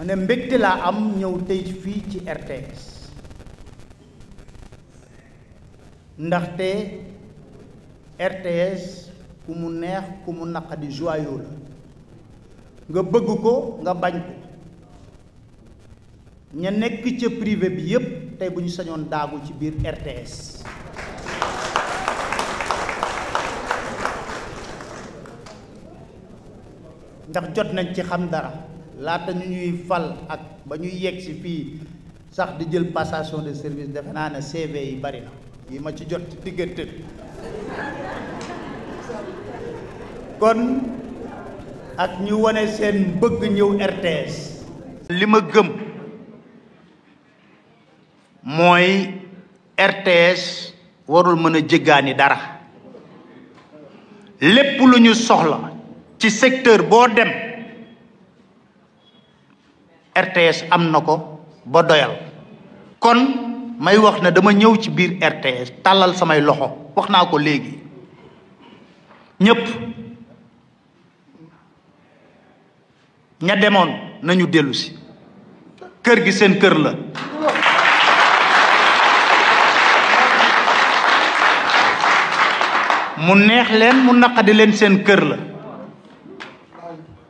ma ne mbégte la am ñew tay fi ci RTS té RTS ku mu neex ku mu naqadi joyau la nga bëgg ko nga bañ ko ña nekk ci privé bi yépp tey bu ñu sañoon daagu ci biir RTS ndax jot nañ ci xam dara laata ñu ñuy fal ak ba ñuy yegg si fii sax di jël passation de service defe naa ne CV yi bari na yi ma ci jot ci diggante kon ak ñu wane seen bëgg ñëw RTS li ma gëm mooy RTS warul mën a jéggaani dara lépp lu ñu soxla ci secteur boo dem RTS am na ko ba doyal kon may wax ne dama ñëw ci biir RTS talal samay loxo wax naa ko léegi ñëpp ña demoon nañu dellu si kër gi seen kër la mu neex leen mu naqadi leen seen kër la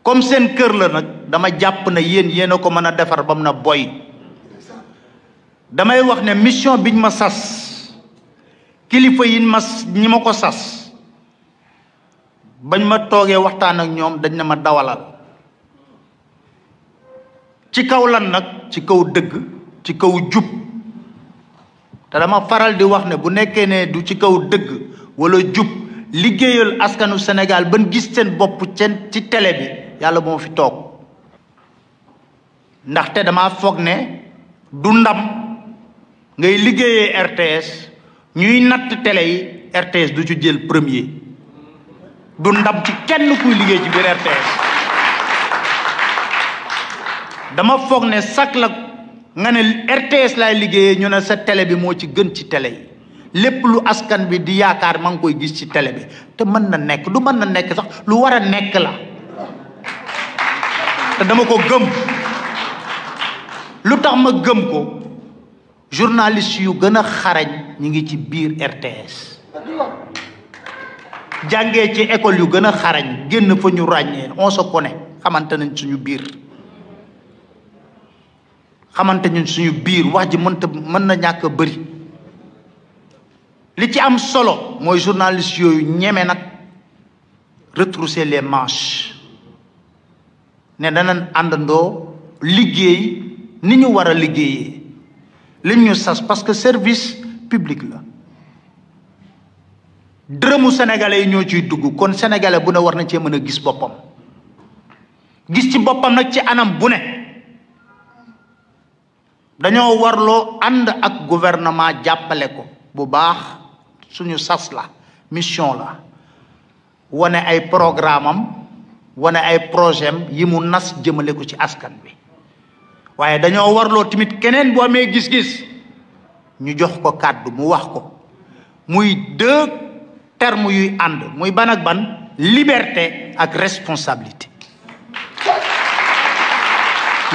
comme seen kër la nag dama jàpp ne yéen yéen a ko mën a defar ba mu na boy damay wax ne mission biñ ma sas kilifa yi ma ñi ma ko sas bañ ma toogee waxtaan ak ñoom dañ na ma dawalal ci kaw lan nag ci kaw dëgg ci kaw jub te dama faral di wax ne bu nekkee ne du ci kaw dëgg walla jub liggéeyal askanu Sénégal ban gis seen bopp seen ci télé bi yàlla moo fi toog ndaxte dama foog du ndam ngay liggéeyee RTS ñuy natt télé yi RTS du ci jël premier du ndam ci kenn kuy liggéey ci RTS dama foog ne sax la nga ne RTS lay liggéeyee ñu ne sa télé bi moo ci gën ci télé yi lépp lu askan bi di yaakaar maa ngi koy gis ci télé bi te mën na nekk du mën na nekk sax lu war a nekk la te dama ko gëm lu tax ma gëm ko journaliste yu gën a xarañ ñi ngi ci biir RTS jàngee ci école yu gën a xarañ génn fa ñu ràññee on se connaît xamante nañ suñu biir xamante nañ suñu biir wax ji mënta mën na ñàkk bari li ci am solo mooy journaliste yooyu ñeme nag retrousser les manches ne danañ àndandoo liggéey ni ñu war a liggéeyee li ñu sas parce que service public la dërëmu sénégalais yi ñoo ciy dugg kon sénégalais bu ne war na cee mën a gis boppam gis ci boppam nag ci anam bu ne dañoo warloo ànd ak gouvernement jàppale ko bu baax suñu sas la mission la wane ay programme am wane ay projet yi mu nas jëmele ko ci askan bi waaye dañoo warloo timit keneen bu amee gis-gis ñu jox ko kàddu mu wax ko muy deux termes yuy ànd muy ban ak ban liberté ak responsabilité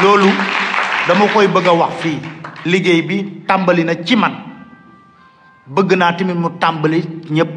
loolu dama koy bëgg a wax fii liggéey bi tàmbali na ci man bëgg naa tamit mu tàmbali ñëpp